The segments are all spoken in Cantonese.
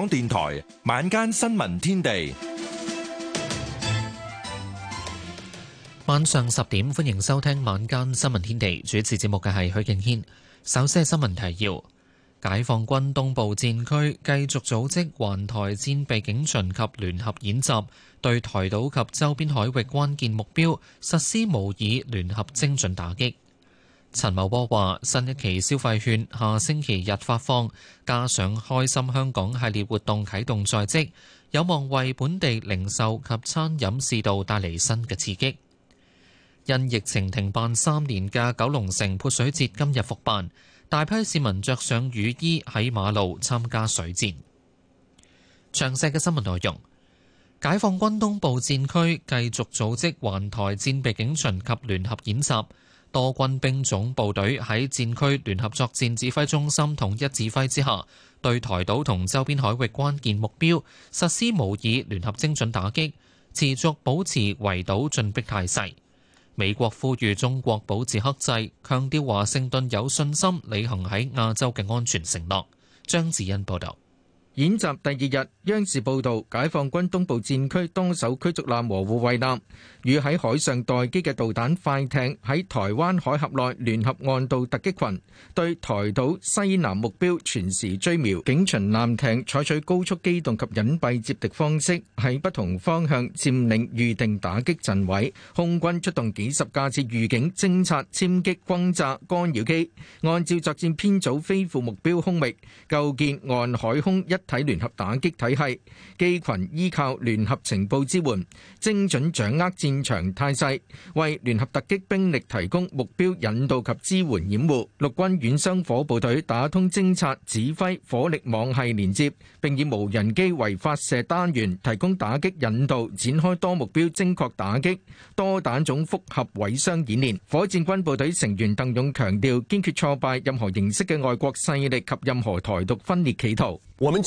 港電台晚間新聞天地，晚上十點歡迎收聽晚間新聞天地。主持節目嘅係許敬軒。首先係新聞提要：解放軍東部戰區繼續組，組織環台戰備警巡及聯合演習，對台島及周邊海域關鍵目標實施模擬聯合精準打擊。陳茂波話：新一期消費券下星期日發放，加上開心香港系列活動啟動在即，有望為本地零售及餐飲市道帶嚟新嘅刺激。因疫情停辦三年嘅九龍城潑水節今日復辦，大批市民着上雨衣喺馬路參加水戰。詳細嘅新聞內容：解放軍東部戰區繼續組,組織環台戰備警巡及聯合演習。多軍兵種部隊喺戰區聯合作戰指揮中心統一指揮之下，對台島同周邊海域關鍵目標實施模擬聯合精準打擊，持續保持圍島進逼態勢。美國呼籲中國保持克制，強調華盛頓有信心履行喺亞洲嘅安全承諾。張子欣報道。演習第二日，央視報導，解放軍東部戰區當守驅逐艦和護衛艦與喺海上待機嘅導彈快艇喺台灣海峽內聯合岸導突擊群，對台島西南目標全時追瞄警巡艦艇，採取高速機動及隱蔽接敵方式，喺不同方向佔領預定打擊陣位。空軍出動幾十架次預警、偵察、殲擊、轟炸、干擾機，按照作戰編組飛赴目標空域，構建岸海空一一體聯合打擊體系，機群依靠聯合情報支援，精準掌握戰場態勢，為聯合突擊兵力提供目標引導及支援掩護。陸軍遠傷火部隊打通偵察指揮火力網系連接，並以無人機為發射單元提供打擊引導，展開多目標精確打擊、多彈種複合毀傷演練。火箭軍部隊成員鄧勇強調：堅決挫敗任何形式嘅外國勢力及任何台獨分裂企圖。我們。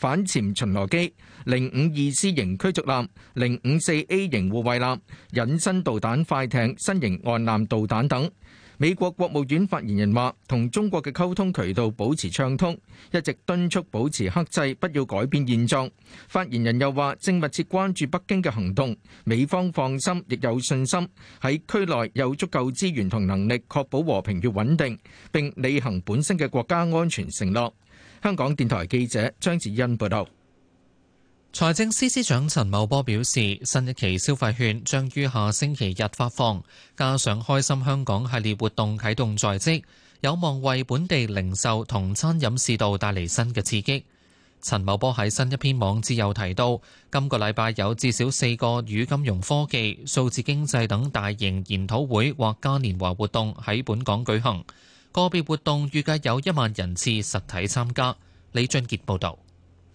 反潛巡邏機、零五二 C 型驅逐艦、零五四 A 型護衛艦、隱身導彈快艇、新型岸艦導彈等。美國國務院發言人話：同中國嘅溝通渠道保持暢通，一直敦促保持克制，不要改變現狀。發言人又話：正密切關注北京嘅行動，美方放心亦有信心喺區內有足夠資源同能力確保和平與穩定，並履行本身嘅國家安全承諾。香港電台記者張子欣報道，財政司司長陳茂波表示，新一期消費券將於下星期日發放，加上開心香港系列活動啟動在即，有望為本地零售同餐飲市道帶嚟新嘅刺激。陳茂波喺新一篇網誌又提到，今個禮拜有至少四個與金融科技、數字經濟等大型研討會或嘉年華活動喺本港舉行。個別活動預計有一萬人次實體參加。李俊傑報導。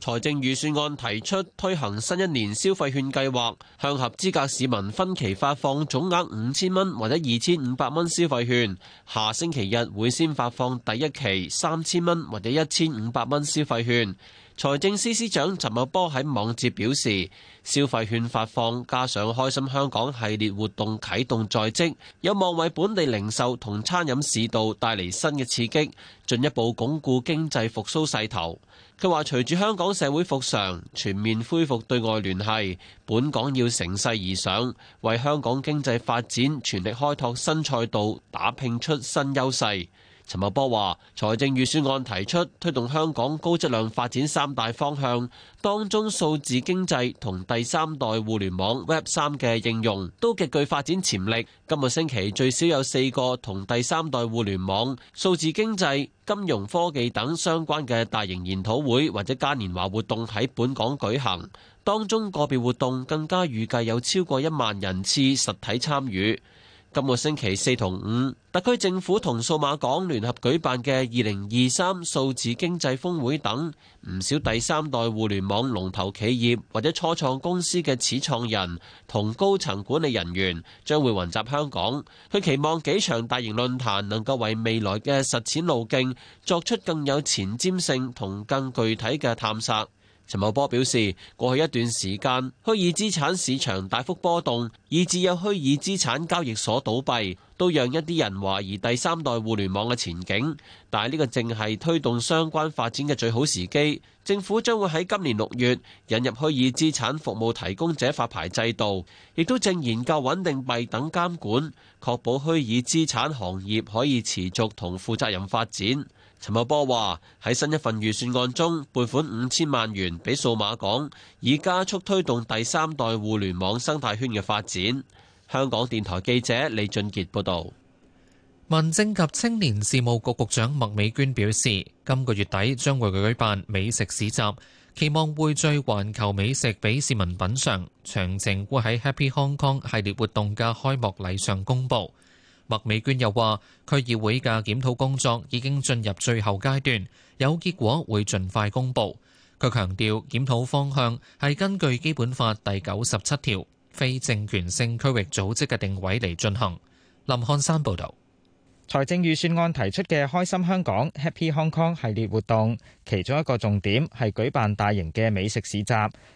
財政預算案提出推行新一年消費券計劃，向合資格市民分期發放總額五千蚊或者二千五百蚊消費券。下星期日會先發放第一期三千蚊或者一千五百蚊消費券。財政司司長陳茂波喺網誌表示，消費券發放加上《開心香港》系列活動啟動在即，有望為本地零售同餐飲市道帶嚟新嘅刺激，進一步鞏固經濟復甦勢，勢頭。佢話：隨住香港社會復常、全面恢復對外聯繫，本港要乘勢而上，為香港經濟發展全力開拓新賽道，打拼出新優勢。陳茂波話：財政預算案提出推動香港高質量發展三大方向，當中數字經濟同第三代互聯網 （Web 三）嘅應用都極具發展潛力。今個星期最少有四個同第三代互聯網、數字經濟、金融科技等相關嘅大型研討會或者嘉年華活動喺本港舉行，當中個別活動更加預計有超過一萬人次實體參與。今個星期四同五，特區政府同數碼港聯合舉辦嘅二零二三數字經濟峰會等唔少第三代互聯網龍頭企業或者初創公司嘅始創人同高層管理人員將會雲集香港，佢期望幾場大型論壇能夠為未來嘅實踐路徑作出更有前瞻性同更具體嘅探索。陳茂波表示，過去一段時間，虛擬資產市場大幅波動，以至有虛擬資產交易所倒閉，都讓一啲人懷疑第三代互聯網嘅前景。但係呢個正係推動相關發展嘅最好時機。政府將會喺今年六月引入虛擬資產服務提供者發牌制度，亦都正研究穩定幣等監管，確保虛擬資產行業可以持續同負責任發展。陳茂波話：喺新一份預算案中，撥款五千萬元俾數碼港，以加速推動第三代互聯網生態圈嘅發展。香港電台記者李俊傑報道。民政及青年事務局局局長麥美娟表示，今個月底將會舉辦美食市集，期望匯聚環球美食俾市民品嘗。詳情會喺 Happy Hong Kong 系列活動嘅開幕禮上公布。麥美娟又話：區議會嘅檢討工作已經進入最後階段，有結果會盡快公佈。佢強調檢討方向係根據《基本法》第九十七條非政權性區域組織嘅定位嚟進行。林漢山報導。財政預算案提出嘅《開心香港 Happy Hong Kong》系列活動，其中一個重點係舉辦大型嘅美食市集。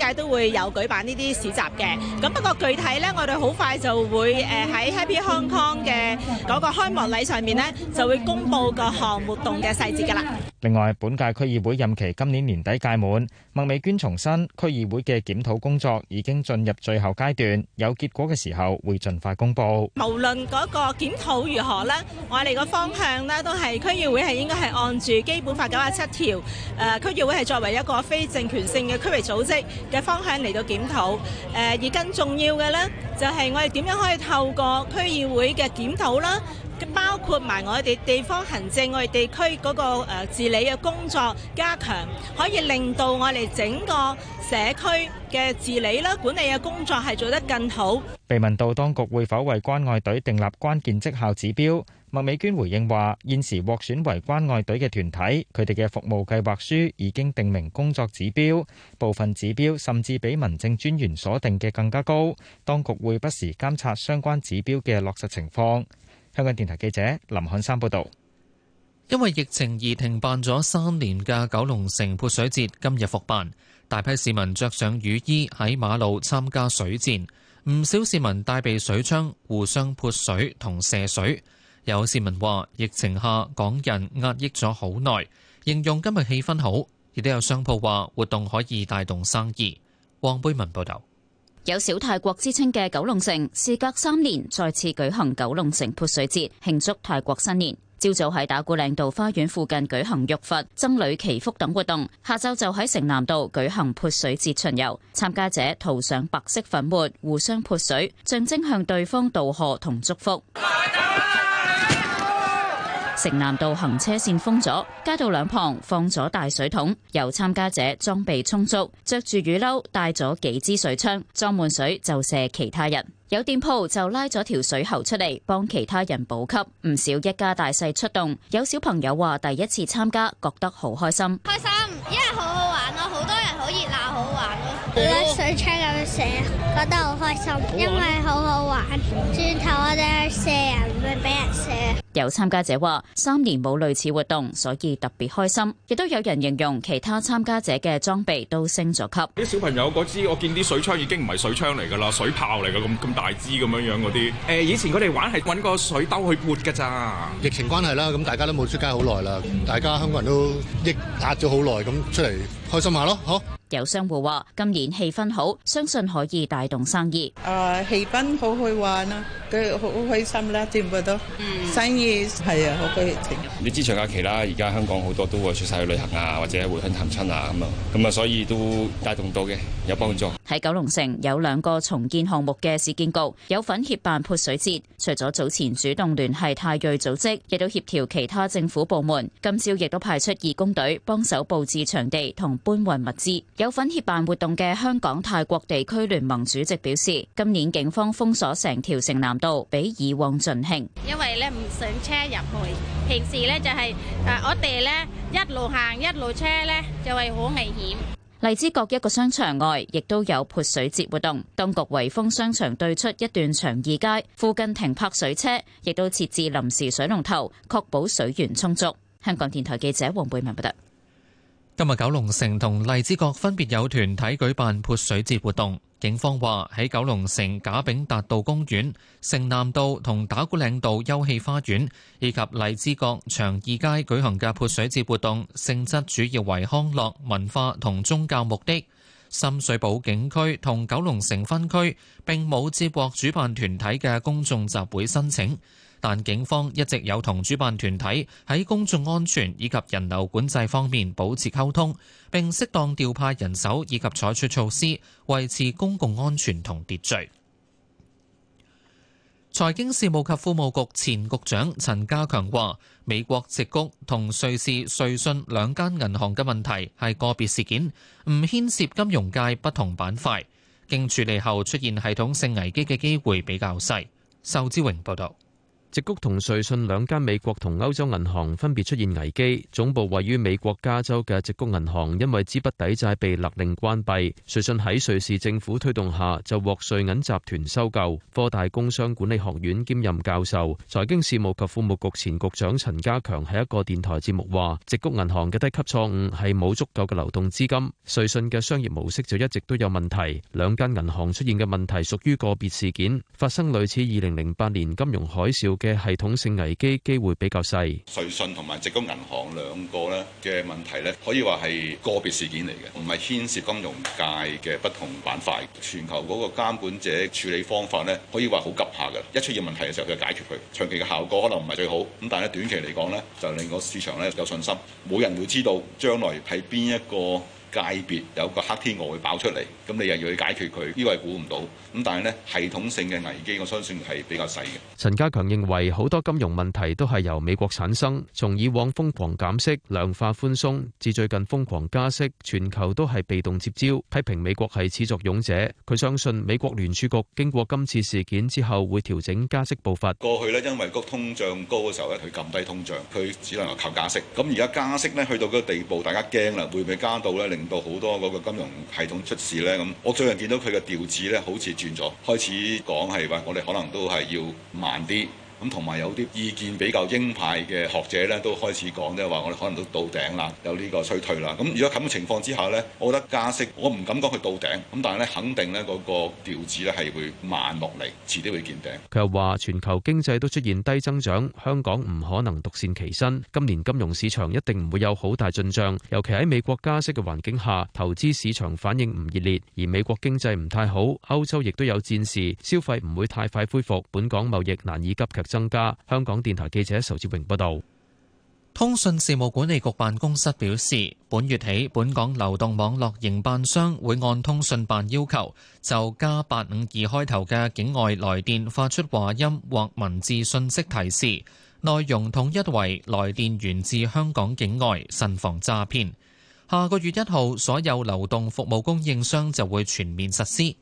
界都會有舉辦呢啲市集嘅，咁不過具體呢，我哋好快就會誒喺 Happy Hong Kong 嘅嗰個開幕禮上面呢，就會公布各項活動嘅細節噶啦。另外，本屆區議會任期今年年底屆滿，麥美娟重申區議會嘅檢討工作已經進入最後階段，有結果嘅時候會盡快公佈。無論嗰個檢討如何呢，我哋個方向呢都係區議會係應該係按住基本法九十七條，誒區議會係作為一個非政權性嘅區域組織。嘅方向嚟到檢討，誒而更重要嘅呢，就係我哋點樣可以透過區議會嘅檢討啦，包括埋我哋地方行政，我哋地區嗰個誒治理嘅工作加強，可以令到我哋整個社區嘅治理啦、管理嘅工作係做得更好。被問到當局會否為關愛隊訂立關鍵績效指標。麥美娟回應話：現時獲選為關愛隊嘅團體，佢哋嘅服務計劃書已經定明工作指標，部分指標甚至比民政專員所定嘅更加高。當局會不時監察相關指標嘅落實情況。香港電台記者林漢山報道，因為疫情而停辦咗三年嘅九龍城潑水節，今日復辦，大批市民着上雨衣喺馬路參加水戰，唔少市民帶備水槍，互相潑水同射水。有市民話：疫情下港人壓抑咗好耐，形容今日氣氛好。亦都有商鋪話活動可以帶動生意。黃貝文報道，有小泰國之稱嘅九龍城，事隔三年再次舉行九龍城潑水節慶祝泰國新年。朝早喺打鼓嶺道花園附近舉行浴佛、僧侶祈福等活動，下晝就喺城南道舉行潑水節巡遊。參加者塗上白色粉末，互相潑水，象徵向對方道賀同祝福。城南道行車線封咗，街道兩旁放咗大水桶。有參加者裝備充足，着住雨褸，帶咗幾支水槍，裝滿水就射其他人。有店鋪就拉咗條水喉出嚟幫其他人補給。唔少一家大細出動，有小朋友話第一次參加，覺得好開心。開心，因為好好玩咯，好多人，好熱鬧，好玩咯。攞、嗯、水槍咁射，覺得好開心，因為好好玩。轉頭我哋去射人，唔會俾人射。有參加者話：三年冇類似活動，所以特別開心。亦都有人形容其他參加者嘅裝備都升咗級。啲小朋友嗰支，我見啲水槍已經唔係水槍嚟㗎啦，水炮嚟㗎，咁咁大支咁樣樣嗰啲。誒、呃，以前佢哋玩係揾個水兜去撥㗎咋。疫情關係啦，咁大家都冇出街好耐啦，大家香港人都抑壓咗好耐，咁出嚟。開心下咯，嚇！有商戶話：今年氣氛好，相信可以帶動生意。啊，氣氛好去玩，啦，佢好開心啦，全部都、嗯、生意係啊，好高熱情。你知長假期啦，而家香港好多都會出晒去旅行啊，或者回鄉探親啊咁啊，咁啊，所以都帶動到嘅，有幫助。喺九龍城有兩個重建項目嘅市建局有份協辦潑水節，除咗早前主動聯繫泰裔組織，亦都協調其他政府部門。今朝亦都派出義工隊幫手佈置場地同搬運物資，有份協辦活動嘅香港泰國地區聯盟主席表示，今年警方封鎖成條城南道，比以往盡興。因為咧唔想車入去，平時咧就係啊，我哋咧一路行一路車咧就係好危險。荔枝角一個商場外亦都有潑水節活動，當局圍封商場對出一段長義街，附近停泊水車，亦都設置臨時水龍頭，確保水源充足。香港電台記者黃貝文報道。今日九龍城同荔枝角分別有團體舉辦潑水節活動，警方話喺九龍城賈炳達道公園、城南道同打鼓嶺道休憩花園以及荔枝角長義街舉行嘅潑水節活動，性質主要為康樂、文化同宗教目的。深水埗警區同九龍城分區並冇接獲主辦團體嘅公眾集會申請。但警方一直有同主辦團體喺公眾安全以及人流管制方面保持溝通，並適當調派人手以及採取措施，維持公共安全同秩序。財經事務及庫務局前局長陳家強話，美國矽谷同瑞士瑞信兩間銀行嘅問題，係個別事件，唔牽涉金融界不同板塊，經處理後出現系統性危機嘅機會比較細。仇志榮報道。矽谷同瑞信兩間美國同歐洲銀行分別出現危機，總部位於美國加州嘅矽谷銀行因為資不抵債被勒令關閉，瑞信喺瑞士政府推動下就獲瑞銀集團收購。科大工商管理學院兼任教授、財經事務及庫務局前局長陳家強喺一個電台節目話：矽谷銀行嘅低級錯誤係冇足夠嘅流動資金，瑞信嘅商業模式就一直都有問題。兩間銀行出現嘅問題屬於個別事件，發生類似二零零八年金融海嘯嘅系統性危機機會比較細，瑞信同埋矽谷銀行兩個咧嘅問題咧，可以話，係個別事件嚟嘅，唔係牽涉金融界嘅不同板塊。全球嗰個監管者處理方法咧，可以話好急下嘅，一出現問題嘅時候就解決佢。長期嘅效果可能唔係最好，咁但係短期嚟講咧，就令個市場咧有信心。冇人會知道將來喺邊一個。界別有個黑天鵝會爆出嚟，咁你又要去解決佢，呢個係估唔到。咁但係呢，系統性嘅危機，我相信係比較細嘅。陳家強認為好多金融問題都係由美國產生，從以往瘋狂減息、量化寬鬆，至最近瘋狂加息，全球都係被動接招，批評美國係始作俑者。佢相信美國聯儲局經過今次事件之後，會調整加息步伐。過去呢，因為個通脹高嘅時候呢，佢撳低通脹，佢只能夠靠加息。咁而家加息呢，去到個地步，大家驚啦，會唔會加到呢令令到好多嗰個金融系統出事咧，咁我最近見到佢嘅調子咧，好似轉咗，開始講係話我哋可能都係要慢啲。咁同埋有啲意見比較鷹派嘅學者咧，都開始講咧話，我哋可能都到頂啦，有呢個衰退啦。咁如果咁嘅情況之下咧，我覺得加息，我唔敢講佢到頂，咁但係咧肯定咧呢個調子咧係會慢落嚟，遲啲會見頂。佢又話：全球經濟都出現低增長，香港唔可能獨善其身，今年金融市場一定唔會有好大進帳。尤其喺美國加息嘅環境下，投資市場反應唔熱烈，而美國經濟唔太好，歐洲亦都有戰事，消費唔會太快恢復，本港貿易難以急劇。增加香港電台記者仇志榮報道，通訊事務管理局辦公室表示，本月起，本港流動網絡營辦商會按通訊辦要求，就加八五二開頭嘅境外來電發出話音或文字信息提示，內容統一為來電源自香港境外，慎防詐騙。下個月一號，所有流動服務供應商就會全面實施。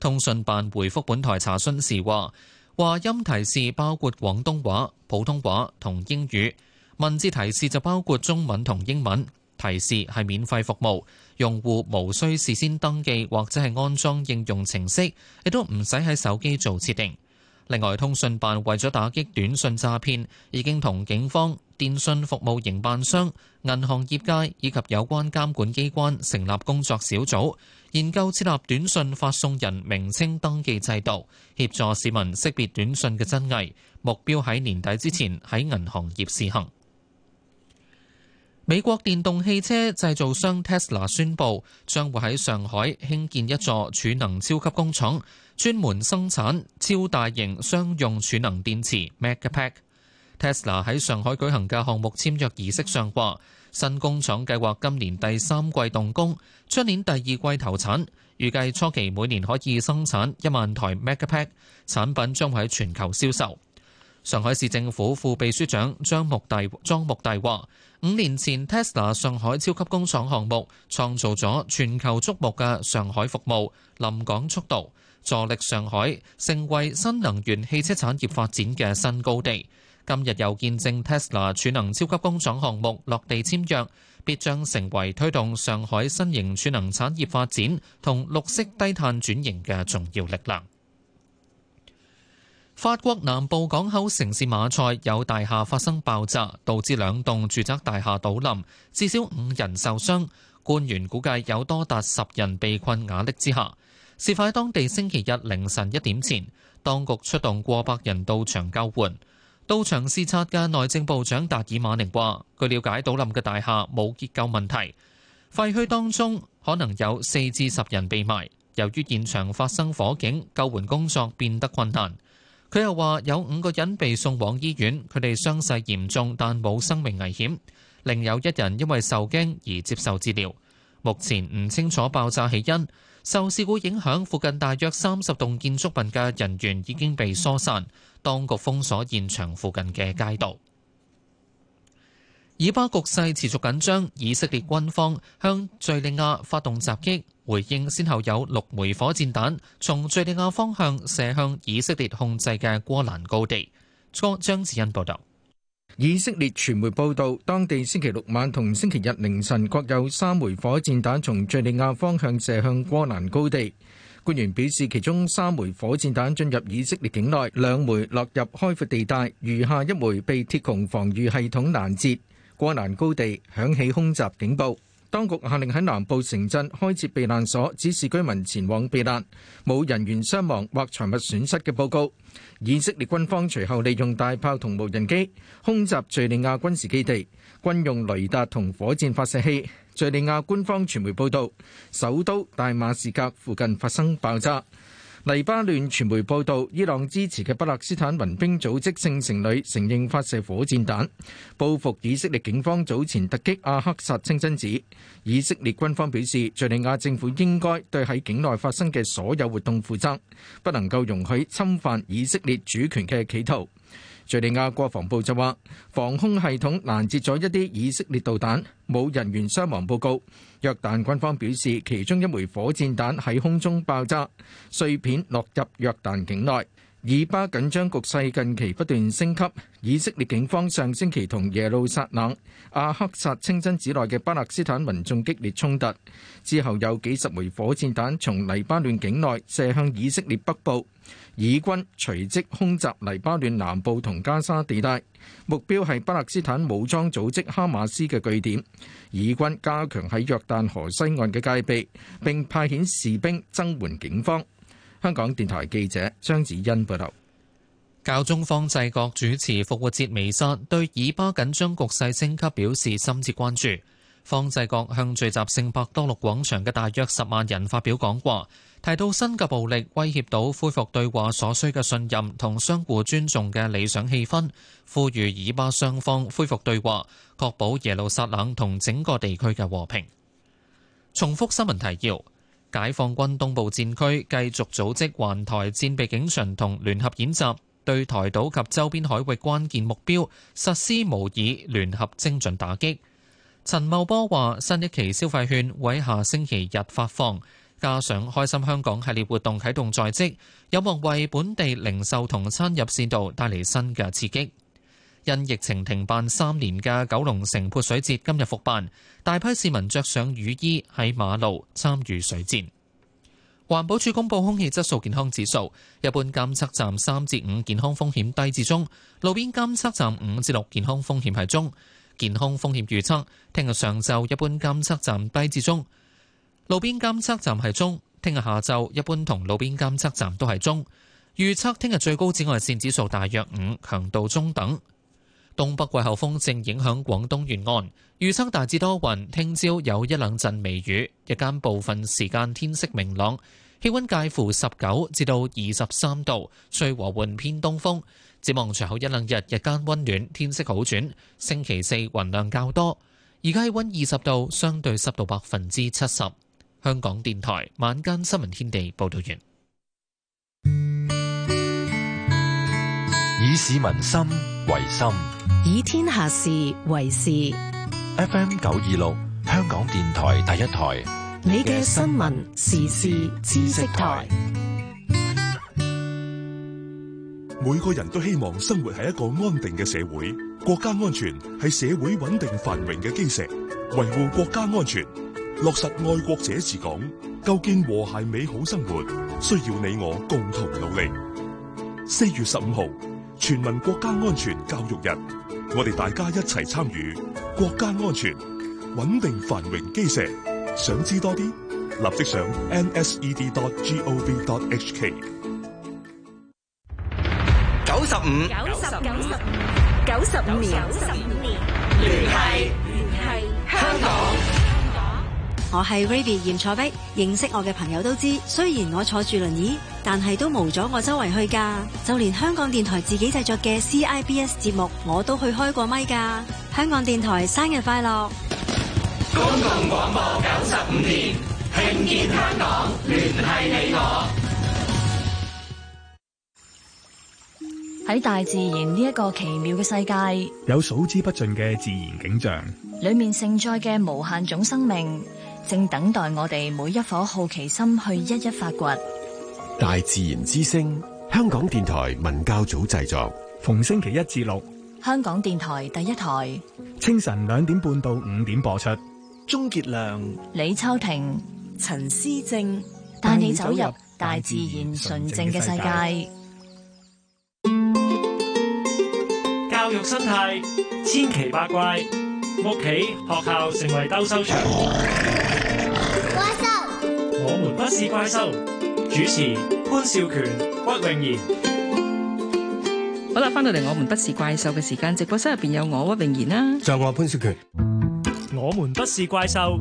通訊辦回復本台查詢時話。話音提示包括廣東話、普通話同英語，文字提示就包括中文同英文。提示係免費服務，用戶無需事先登記或者係安裝應用程式，亦都唔使喺手機做設定。另外，通訊辦為咗打擊短信詐騙，已經同警方、電信服務營辦商、銀行業界以及有關監管機關成立工作小組，研究設立短信發送人名稱登記制度，協助市民識別短信嘅真偽，目標喺年底之前喺銀行業試行。美國電動汽車製造商 Tesla 宣布，將會喺上海興建一座儲能超級工廠，專門生產超大型商用儲能電池 Megapack。Tesla 喺上海舉行嘅項目簽約儀式上話，新工廠計劃今年第三季動工，出年第二季投產，預計初期每年可以生產一萬台 Megapack 產品，將喺全球銷售。上海市政府副秘書長張木大莊木大話。，五年前 Tesla 上海超級工廠項目創造咗全球矚目嘅上海服務，臨港速度，助力上海成為新能源汽車產業發展嘅新高地。今日又見證 Tesla 儲能超級工廠項目落地簽約，必將成為推動上海新型儲能產業發展同綠色低碳轉型嘅重要力量。法國南部港口城市馬賽有大廈發生爆炸，導致兩棟住宅大廈倒冧，至少五人受傷。官員估計有多達十人被困瓦礫之下。事發喺當地星期日凌晨一點前，當局出動過百人到場救援。到場視察嘅內政部長達爾馬寧話，據了解，倒冧嘅大廈冇結構問題，廢墟當中可能有四至十人被埋。由於現場發生火警，救援工作變得困難。佢又話有五個人被送往醫院，佢哋傷勢嚴重，但冇生命危險。另有一人因為受驚而接受治療。目前唔清楚爆炸起因。受事故影響，附近大約三十棟建築物嘅人員已經被疏散，當局封鎖現場附近嘅街道。以巴局勢持續緊張，以色列軍方向敍利亞發動襲擊。回應先後有六枚火箭彈從敘利亞方向射向以色列控制嘅戈蘭高地。張子欣報道。以色列傳媒報道，當地星期六晚同星期日凌晨各有三枚火箭彈從敘利亞方向射向戈蘭高地。官員表示，其中三枚火箭彈進入以色列境內，兩枚落入開闊地帶，餘下一枚被鐵穹防禦系統攔截。戈蘭高地響起空襲警報。當局下令喺南部城鎮開設避難所，指示居民前往避難，冇人員傷亡或財物損失嘅報告。以色列軍方隨後利用大炮同無人機空襲敘利亞軍事基地，軍用雷達同火箭發射器。敘利亞官方傳媒報道，首都大馬士革附近發生爆炸。黎巴嫩傳媒報道，伊朗支持嘅巴勒斯坦民兵組織聖城旅承認發射火箭彈，報復以色列警方早前突擊阿克薩清真寺。以色列軍方表示，敍利亞政府應該對喺境內發生嘅所有活動負責，不能夠容許侵犯以色列主權嘅企圖。敘利亞國防部就話，防空系統攔截咗一啲以色列導彈，冇人員傷亡報告。約旦軍方表示，其中一枚火箭彈喺空中爆炸，碎片落入約旦境內。以巴緊張局勢近期不斷升級，以色列警方上星期同耶路撒冷、阿克薩清真寺內嘅巴勒斯坦民眾激烈衝突，之後有幾十枚火箭彈從黎巴嫩境內射向以色列北部，以軍隨即空襲黎巴嫩南部同加沙地帶，目標係巴勒斯坦武裝組織哈馬斯嘅據點。以軍加強喺約旦河西岸嘅戒備，並派遣士兵增援警方。香港電台記者張子欣報道，教宗方濟各主持復活節彌撒，對以巴緊張局勢升級表示深切關注。方濟各向聚集聖伯多祿廣場嘅大約十萬人發表講話，提到新嘅暴力威脅到恢復對話所需嘅信任同相互尊重嘅理想氣氛，呼籲以巴雙方恢復對話，確保耶路撒冷同整個地區嘅和平。重複新聞提要。解放軍東部戰區繼續組織環台戰備警巡同聯合演習，對台島及周邊海域關鍵目標實施模擬聯合精準打擊。陳茂波話：新一期消費券會下星期日發放，加上開心香港系列活動啟動在即，有望為本地零售同餐飲線道帶嚟新嘅刺激。因疫情停辦三年嘅九龍城潑水節今日復辦，大批市民着上雨衣喺馬路參與水戰。環保署公布空氣質素健康指數，一般監測站三至五，健康風險低至中；路邊監測站五至六，健康風險係中。健康風險預測：聽日上晝一般監測站低至中，路邊監測站係中；聽日下晝一般同路邊監測站都係中。預測聽日最高紫外線指數大約五，強度中等。東北季候風正影響廣東沿岸，預測大致多雲，聽朝有一兩陣微雨，日間部分時間天色明朗，氣溫介乎十九至到二十三度，最和緩偏東風。展望隨後一兩日，日間溫暖，天色好轉。星期四雲量較多，而家氣溫二十度，相對濕度百分之七十。香港電台晚間新聞天地報道員。以市民心為心。以天下事為事。FM 九二六，香港電台第一台，你嘅新聞時事知識台。每個人都希望生活喺一個安定嘅社會，國家安全係社會穩定繁榮嘅基石。維護國家安全，落實愛國者治港，構建和諧美好生活，需要你我共同努力。四月十五號，全民國家安全教育日。我哋大家一齊參與國家安全穩定繁榮基石，想知多啲，立即上 nsed.gov.hk dot dot。九十五，九十五，九十五年。年我係 Raby 嚴坐壁，認識我嘅朋友都知。雖然我坐住輪椅，但係都冇咗我周圍去噶。就連香港電台自己製作嘅 CIBS 節目，我都去開過麥噶。香港電台生日快樂！公共廣播九十五年，聽見香港，聯繫你我。喺大自然呢一個奇妙嘅世界，有數之不盡嘅自然景象，裏面盛載嘅無限種生命。正等待我哋每一顆好奇心去一一發掘。大自然之聲，香港電台文教組製作，逢星期一至六，香港電台第一台，清晨兩點半到五點播出。鍾杰亮、李秋婷、陳思正帶你走入大自然純正嘅世界。教育生態千奇百怪，屋企學校成為兜收場。不是怪獸，主持潘少權、屈永賢。好啦，翻到嚟我們不是怪獸嘅時間，直播室入邊有我屈永賢啦，就我潘少權。我們不是怪獸，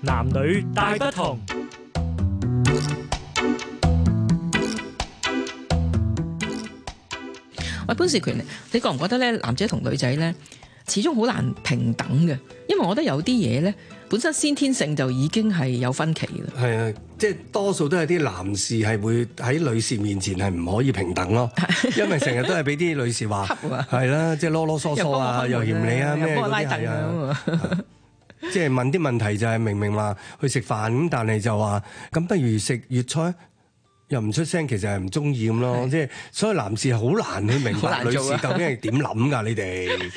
男女大不同。喂，潘少權，你覺唔覺得咧，男仔同女仔咧，始終好難平等嘅？因為我覺得有啲嘢咧，本身先天性就已經係有分歧啦。係啊，即係多數都係啲男士係會喺女士面前係唔可以平等咯。 因為成日都係俾啲女士話，係啦、 啊，即係囉囉嗦嗦啊，又嫌你啊咩啲啊。即係問啲問題就係明明話去食飯，但係就話咁不如食粵菜。又唔出聲，其實係唔中意咁咯，即係的所以男士好難去明白女士究竟係點諗噶， 你哋們。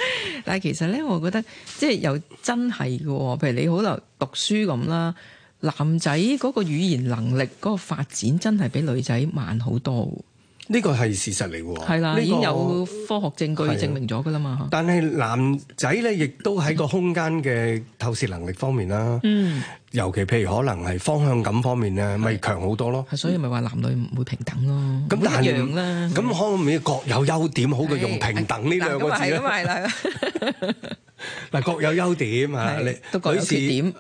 但係其實咧，我覺得即係又真係噶，譬如你好啦，讀書咁啦，男仔嗰個語言能力嗰個發展真係比女仔慢好多。呢個係事實嚟喎，呢的、呢個已經有科學證據證明咗㗎啦嘛。但係男仔咧，亦都喺個空間嘅透視能力方面啦，嗯、尤其譬如可能係方向感方面咧，咪的強好多咯。所以咪話男女唔會平等咯。咁一樣啦。咁、嗯、可唔可以各有優點好，好過用平等呢兩個字咧？ 嗱，各有優點啊，你都有缺點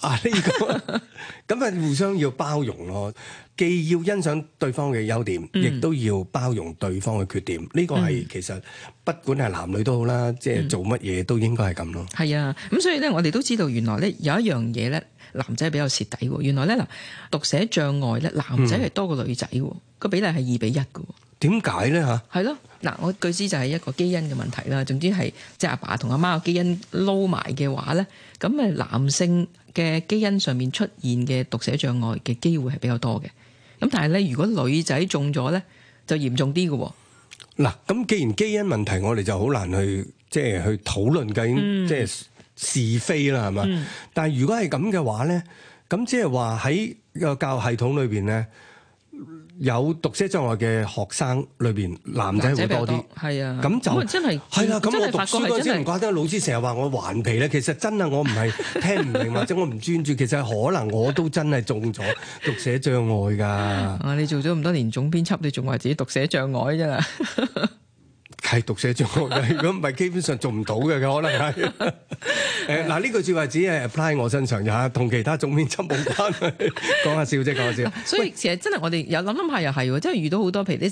啊，呢個咁啊，互相要包容咯，既要欣賞對方嘅優點，亦都要包容對方嘅缺點。呢個係其實不管係男女都好啦，即係做乜嘢都應該係咁咯。係啊，咁所以咧，我哋都知道原來咧，有一樣嘢咧，男仔比較蝕底。原來咧，嗱，讀寫障礙咧，男仔係多過女仔，個比例係二比一噶。點解咧？吓，係咯。嗱，我據知就係一個基因嘅問題啦。總之係即係阿爸同阿媽嘅基因撈埋嘅話咧，咁咪男性嘅基因上面出現嘅讀寫障礙嘅機會係比較多嘅。咁但係咧，如果女仔中咗咧，就嚴重啲嘅。嗱，咁既然基因問題，我哋就好難去即係去討論究竟，即係是，是非啦，係嘛？嗯、但係如果係咁嘅話咧，咁即係話喺個教育系統裏邊咧。有讀寫障礙嘅學生裏邊，男仔會多啲，係啊，咁就我真係啦。咁、啊、我讀書嗰陣唔怪得老師成日話我頑皮咧，其實真係，我唔係聽唔明或者我唔專注，其實可能我都真係中咗讀寫障礙噶。 啊，你做咗咁多年總編輯，你仲話自己讀寫障礙啫 係讀寫障礙嘅，如果唔係基本上做唔到嘅，可能係。誒嗱呢句説話只係 apply 喺我身上，也同其他總編輯冇關係，講下笑啫，講下笑。所以喂其實真係我哋有諗諗下又，又係真係遇到好多譬如啲。